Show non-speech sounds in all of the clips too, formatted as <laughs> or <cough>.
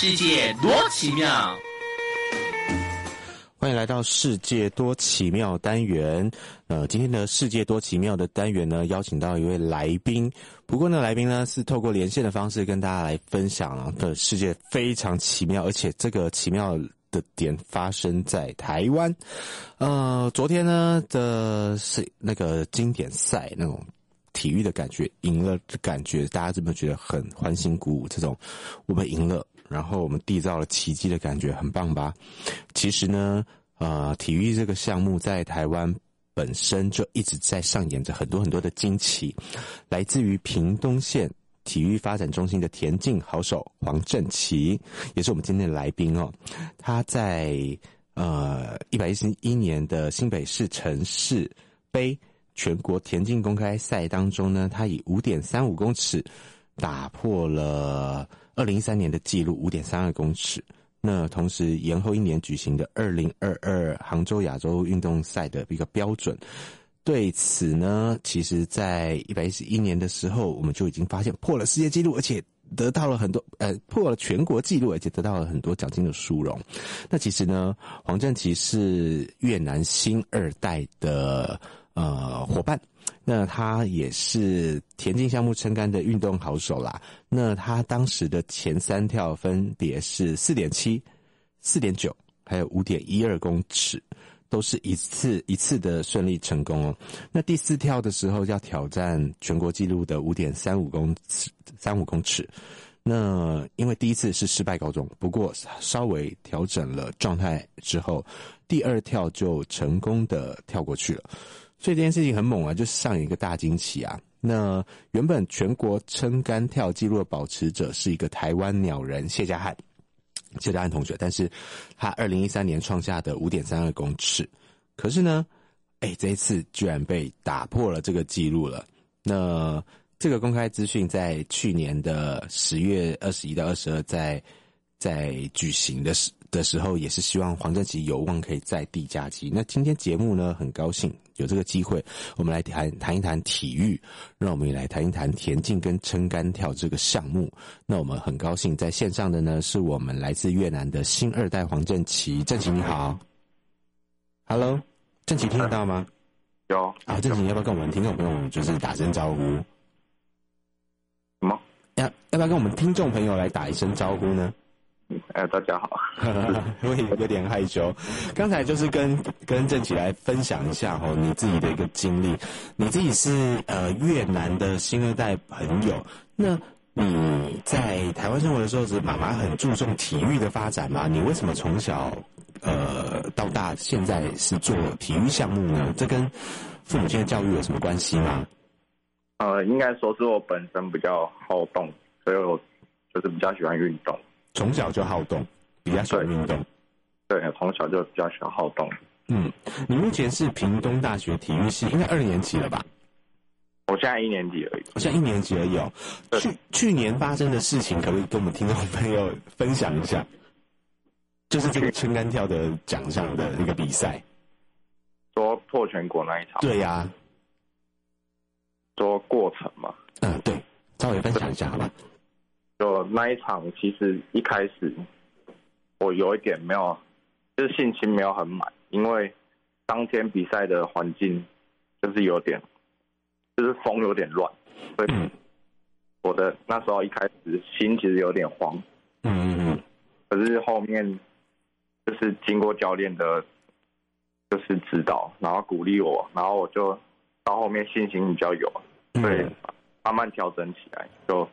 世界多奇妙。歡迎來到世界多奇妙單元。呃，今天的世界多奇妙的單元呢，邀請到一位來賓。不過呢，來賓呢是透過連線的方式跟大家來分享的，啊這個，世界非常奇妙，而且這個奇妙的點發生在台灣。呃，昨天呢的是那個經典賽那種體育的感覺，贏了的感覺，大家真的覺得很歡欣鼓舞，嗯、這種我們贏了。然後我們締造了奇蹟的感覺，很棒吧？其實呢，呃，體育這個項目在台灣本身就一直在上演着很多很多的驚奇。來自於屏東縣體育發展中心的田徑好手黃正琦，也是我們今天的來賓哦。他在呃一百一十一年的新北市城市杯全國田徑公開賽當中呢，他以五點三五公尺打破了，二零一三年的紀錄五點三二公尺，那同時延後一年舉行的二零二二杭州亞洲運動賽的一個標準，對此呢，其實，在一百一十一年的時候，我們就已經發現破了世界紀錄，而且得到了很多呃破了全國紀錄，而且得到了很多獎金的殊榮。那其實呢，黃正琦是越南新二代的。呃，夥伴，那他也是田徑項目撐杆的運動好手啦。那他當時的前三跳分別是四點七、四點九，還有五點一二公尺，都是一次一次的順利成功哦。那第四跳的時候要挑戰全國紀錄的五點三五公尺，三五公尺。那因為第一次是失敗告終，不過稍微調整了狀態之後，第二跳就成功的跳過去了。所以這件事情很猛啊，就是上演一個大驚喜啊。那原本全國撐竿跳記錄的保持者是一個台灣鳥人謝家翰，謝家翰同學，但是他二零一三年創下的五點三二公尺，可是呢，哎、欸，這一次居然被打破了這個記錄了。那這個公開資訊在去年的十月二十一到二十二在。在舉行的時的時候，也是希望黃正琦有望可以再締佳績。那今天節目呢，很高興有這個機會，我們來談談一談體育，讓我們也來談一談田徑跟撐竿跳這個項目。那我們很高興在線上的呢，是我們來自越南的新二代黃正琦。正琦你好，Hello，正琦聽得到嗎？有啊，正琦要不要跟我們聽眾朋友就是打聲招呼？什麼？要要不要跟我們聽眾朋友來打一聲招呼呢？哎，大家好，我 <laughs> 也有點害羞。剛才就是跟跟正琦來分享一下哈，你自己的一個經歷。你自己是呃越南的新二代朋友，那你在台灣生活的時候，是媽媽很注重體育的發展嗎？你為什麼從小呃到大，現在是做體育項目呢？這跟父母親的教育有什麼關係嗎？呃，應該說是我本身比較好動，所以我就是比較喜歡運動。從小就好動，比較喜歡運動。對，從小就比較喜歡好動。嗯，你目前是屏東大學體育系，應該二年級了吧？我現在一年級而已。我現在一年級而已哦。去去年發生的事情，可不可以跟我們聽眾朋友分享一下？就是這個撐竿跳的獎項的一個比賽。說破全國那一場。對呀、啊。說過程嘛。嗯、呃，對，稍微分享一下，好吧？就那一場，其實一開始我有一點沒有，就是信心沒有很滿，因為當天比賽的環境就是有點，就是風有點亂，所以我的那時候一開始心其實有點慌。嗯嗯嗯。可是後面就是經過教練的，就是指導，然後鼓勵我，然後我就到後面信心比較有，所以慢慢調整起來就。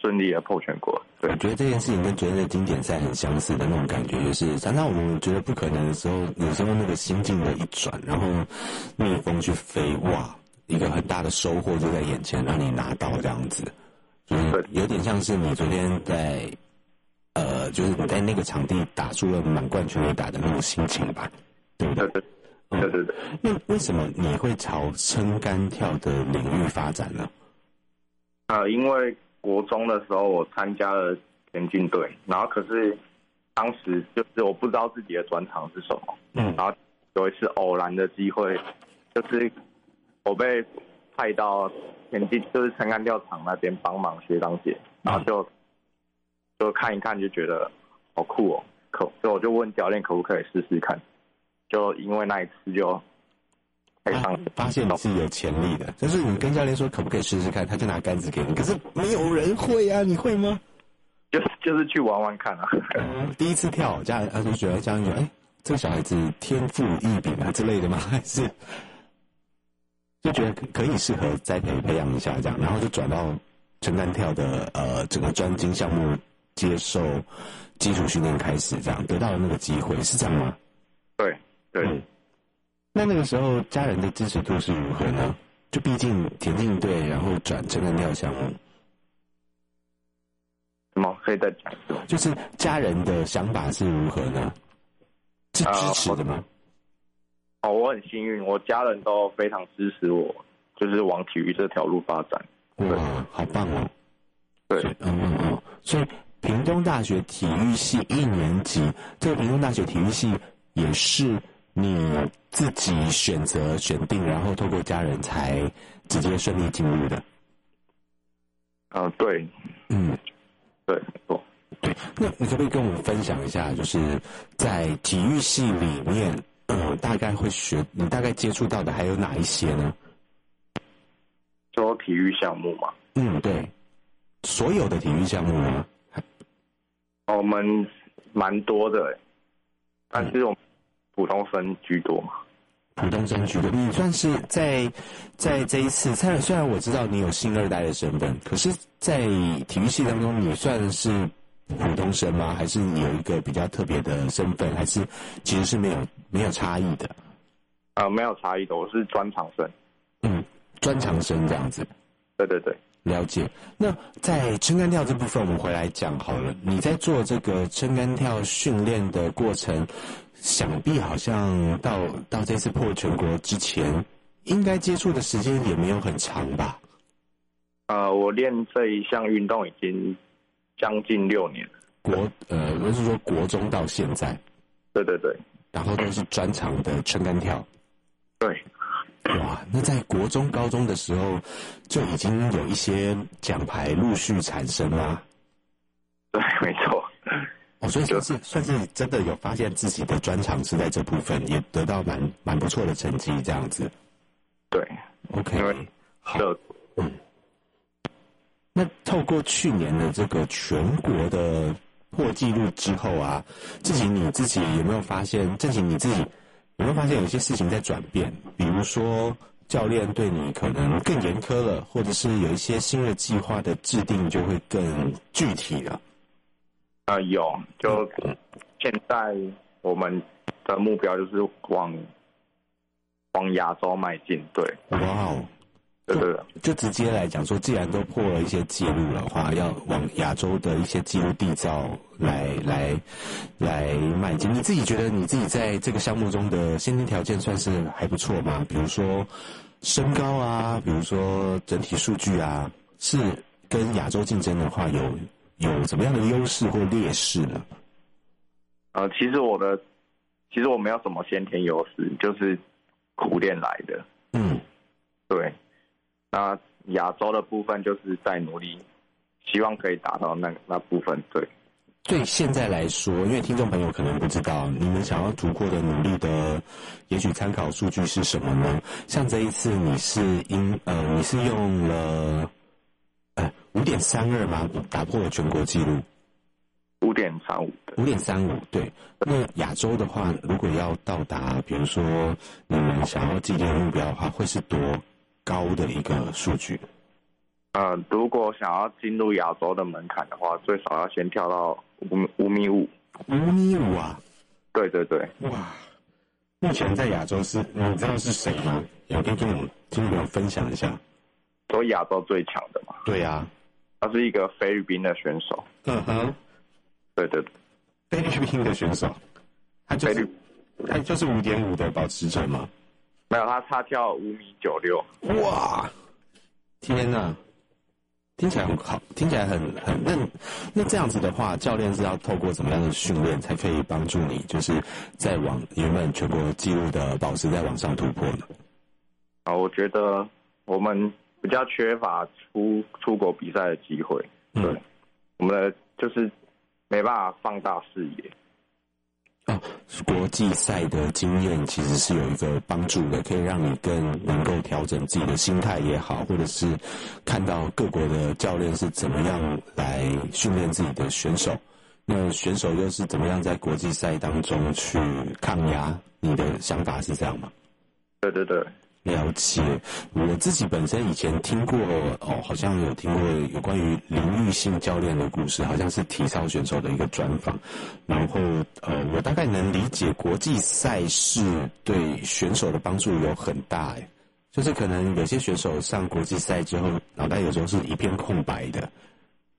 順利啊！破全國，對，我覺得這件事情跟昨天的經典賽很相似的那種感覺，就是常常我們覺得不可能的時候，有時候那個心境的一轉，然後逆風去飛，哇，一個很大的收穫就在眼前，讓你拿到這樣子，就是有點像是你昨天在，呃，就是你在那個場地打出了滿貫全壘打的那種心情吧，嗯、對對對對對、嗯。那為什麼你會朝撐杆跳的領域發展呢？啊，因為。國中的時候，我參加了田徑隊，然後可是當時就是我不知道自己的專長是什麼，嗯，然後有一次偶然的機會，就是我被派到田徑，就是撐竿跳場那邊幫忙學長姐，然後就就看一看就覺得好酷哦，喔，可，所以我就問教練可不可以試試看，就因為那一次就。啊、發現你是有潛力的，就是你跟教練說可不可以試試看，他就拿杆子給你。可是沒有人會啊，你會嗎？就是就是去玩玩看啊。嗯、第一次跳，家，練、啊、他就覺得教練說：“哎、欸，這個小孩子天賦異稟啊之類的嗎？還是就覺得可以適合栽培培養一下這樣？”然後就轉到撐竿跳的呃整個專精項目，接受基礎訓練開始這樣，得到了那個機會是這樣嗎？對對。嗯在那，那個時候，家人的支持度是如何呢？就畢竟田徑隊，然後轉撐竿跳項目，什麼可以再講？就是家人的想法是如何呢？是支持的嗎？哦，我很幸運，我家人都非常支持我，就是往體育這條路發展。哇，好棒哦！對，嗯嗯、哦，嗯。所以屏東大學體育系一年級，這個屏東大學體育系也是。你自己選擇選定，然後透過家人才直接順利進入的。啊、呃，對，嗯，對，哦，對，那你可不可以跟我們分享一下，就是在體育系裡面，嗯、呃，大概會學，你大概接觸到的還有哪一些呢？說體育項目嘛，嗯，對，所有的體育項目呢？嗯，我們蠻多的，嗯，但是我們。普通生居多嗎？普通生居多。你算是在在這一次，雖然雖然我知道你有新二代的身份，可是，在體育系當中，你算是普通生嗎？還是有一個比較特別的身份？還是其實是沒有沒有差異的？呃，沒有差異的，我是專長生。嗯，專長生這樣子。對對對，了解。那在撐竿跳這部分，我們回來講好了。你在做這個撐竿跳訓練的過程。想必好像到到這次破全國之前，應該接觸的時間也沒有很長吧？啊、呃，我練這一項運動已經將近六年了，國呃，我、就是說國中到現在。對對對，然後都是專長的撐桿跳。對。哇，那在國中、高中的時候就已經有一些獎牌陸續產生嗎？對，沒錯。哦，所以算是算是真的有發現自己的專長是在這部分，也得到蠻蠻不錯的成績這樣子。對，OK，好，嗯。那透過去年的這個全國的破紀錄之後啊，自己你自己有沒有發現？正琦你自己有沒有發現有些事情在轉變？比如說教練對你可能更嚴苛了，或者是有一些新的計劃的制定就會更具體了。呃，有，就現在我們的目標就是往往亞洲邁進。對，哇、哦，對，就直接來講說，既然都破了一些記錄的話，要往亞洲的一些記錄締造來來來邁進。你自己覺得你自己在這個項目中的先天條件算是還不錯嗎？比如說身高啊，比如說整體數據啊，是跟亞洲競爭的話有？有怎麼樣的優勢或劣勢呢？呃，其實我的，其實我沒有什麼先天優勢，就是苦練來的。嗯，對。那亞洲的部分就是在努力，希望可以達到那個、那部分。對。對現在來說，因為聽眾朋友可能不知道，你們想要突破的努力的，也許參考數據是什麼呢？像這一次，你是因呃，你是用了。呃五點三二嗎？打破了全國紀錄。五點三五，五點三五。對，那亞洲的話，如果要到達，比如說你們、嗯、想要既定的目標的話，會是多高的一個數據？呃，如果想要進入亞洲的門檻的話，最少要先跳到五五米五。五米五啊？對對對。哇，目前在亞洲是、嗯，你知道是誰嗎？有、嗯、跟跟我，聽眾分享一下。都亞洲最強的嘛？對呀、啊，他是一個菲律賓的選手。嗯哼，對對、對，菲律賓的選手，他就是他就是五點五的保持者嗎？沒有，他他跳五米九六。哇，天哪，啊！聽起來很好，聽起來很很那那這樣子的話，教練是要透過怎麼樣的訓練，才可以幫助你，就是在往原本全國紀錄的保持，在往上突破呢？啊，我覺得我們。比較缺乏出出國比賽的機會，對，嗯，我們就是沒辦法放大視野。哦，國際賽的經驗其實是有一個幫助的，可以讓你更能夠調整自己的心態也好，或者是看到各國的教練是怎麼樣來訓練自己的選手，那選手又是怎麼樣在國際賽當中去抗壓？你的想法是這樣嗎？對對對。了解，我自己本身以前聽過哦，好像有聽過有關於林育信教練的故事，好像是體操選手的一個專訪。然後呃，我大概能理解國際賽事對選手的幫助有很大，就是可能有些選手上國際賽之後，腦袋有時候是一片空白的。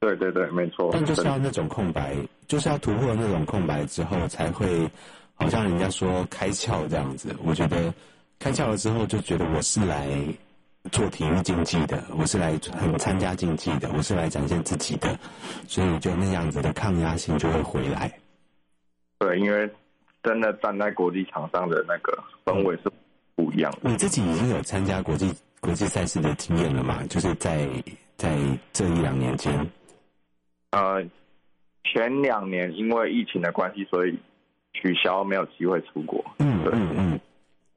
對對對，沒錯。但就是要那種空白，就是要突破那種空白之後，才會好像人家說開竅這樣子。我覺得。開竅了之後，就覺得我是來做體育競技的，我是來很參加競技的，我是來展現自己的，所以就那樣子的抗壓性就會回來。對，因為真的站在國際場上的那個氛圍是不一樣的。你自己已經有參加國際國際賽事的經驗了嘛？就是在在這一兩年間，呃，前兩年因為疫情的關係，所以取消，沒有機會出國。嗯嗯嗯。嗯嗯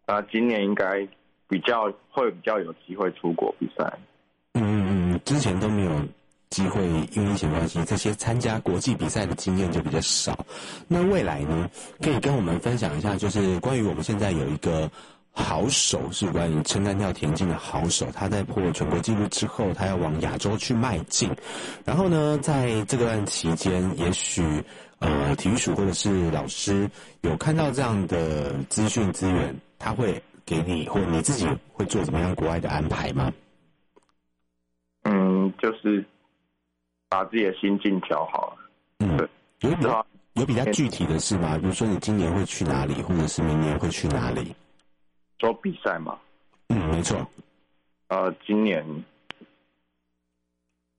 啊、呃，今年應該比較會比較有機會出國比賽。嗯嗯嗯，之前都沒有機會，因為疫情關係，這些參加國際比賽的經驗就比較少。那未來呢，可以跟我們分享一下，就是關於我們現在有一個好手，是關於撐竿跳田徑的好手，他在破全國紀錄之後，他要往亞洲去邁進。然後呢，在這個段期間，也許呃體育署或者是老師有看到這樣的資訊資源。他會給你，或你自己會做怎麼樣國外的安排嗎？嗯，就是把自己的心境調好了。嗯，有比較有比較具體的事嗎？比如說你今年會去哪裡，或者是明年會去哪裡？做比賽嗎？嗯，沒錯。呃，今年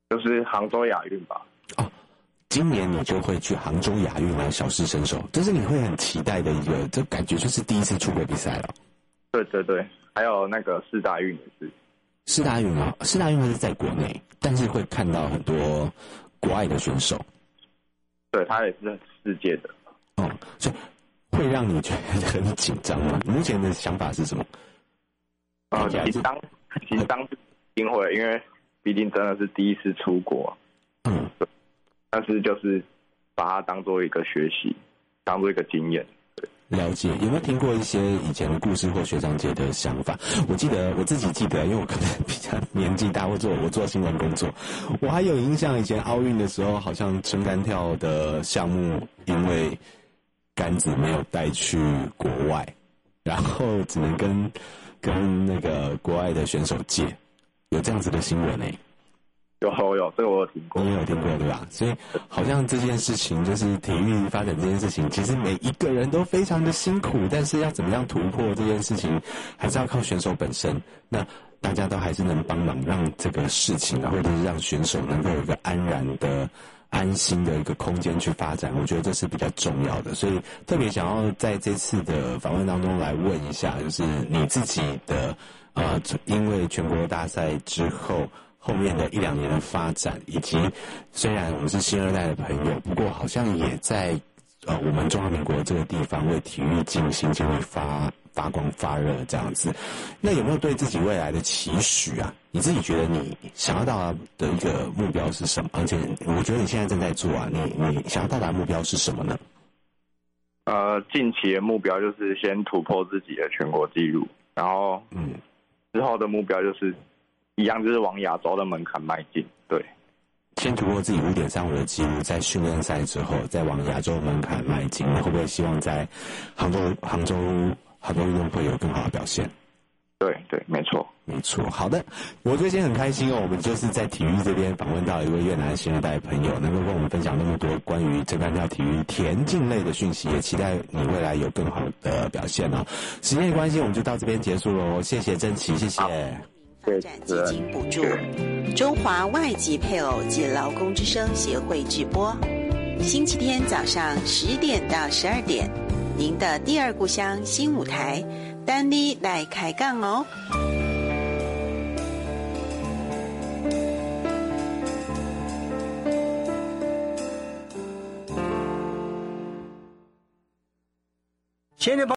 就是杭州亞運吧。今年你就會去杭州亞運啊，小試身手，這是你會很期待的一個，這感覺就是第一次出國比賽了、哦。對對對，還有那個四大運也是。四大運啊、哦，四大運還是在國內，但是會看到很多國外的選手。對他也是世界的。哦、嗯，所以會讓你覺得很緊張嗎？目前的想法是什麼？當、啊、其實當時一定會，因為畢竟真的是第一次出國。嗯。對但是就是，把它當做一個學習，當做一個經驗。了解，。有沒有聽過一些以前的故事或學長姐的想法？我記得我自己記得，因為我可能比較年紀大，會做我做新聞工作，我還有印象以前奧運的時候，好像撐竿跳的項目因為杆子沒有帶去國外，然後只能跟跟那個國外的選手借，有這樣子的新聞哎、欸。有有，這個我有聽過。我也有聽過，對吧，啊？所以好像這件事情就是體育發展這件事情，其實每一個人都非常的辛苦，但是要怎麼樣突破這件事情，還是要靠選手本身。那大家都還是能幫忙，讓這個事情，啊，或者是讓選手能夠有一個安然的、安心的一個空間去發展。我覺得這是比較重要的。所以特別想要在這次的訪問當中來問一下，就是你自己的呃，因為全國大賽之後。後面的一兩年的發展，以及雖然我們是新二代的朋友，不過好像也在呃我們中華民國這個地方為體育盡心盡力發發光發熱這樣子。那有沒有對自己未來的期許啊？你自己覺得你想要到達的一個目標是什麼？而且我覺得你現在正在做啊，你你想要到達的目標是什麼呢？呃，近期的目標就是先突破自己的全國紀錄，然後嗯，之後的目標就是。一樣就是往亞洲的門檻邁進，對。先突破自己五點三五的記錄，在訓練賽之後，再往亞洲門檻邁進。你會不會希望在杭州、杭州杭州運動會有更好的表現？對對，沒錯沒錯。好的，我最近很開心哦、喔，我們就是在體育這邊訪問到一位越南新二代的朋友，能夠跟我們分享那麼多關於這叫體育田徑類的訊息，也期待你未來有更好的表現哦、喔。時間關係，我們就到這邊結束嘍，謝謝正琦，謝謝。啊發展基金補助，中華外籍配偶及勞工之聲協會直播，星期天早上十點到十二點，您的第二故鄉新舞台，丹妮來開槓哦。天天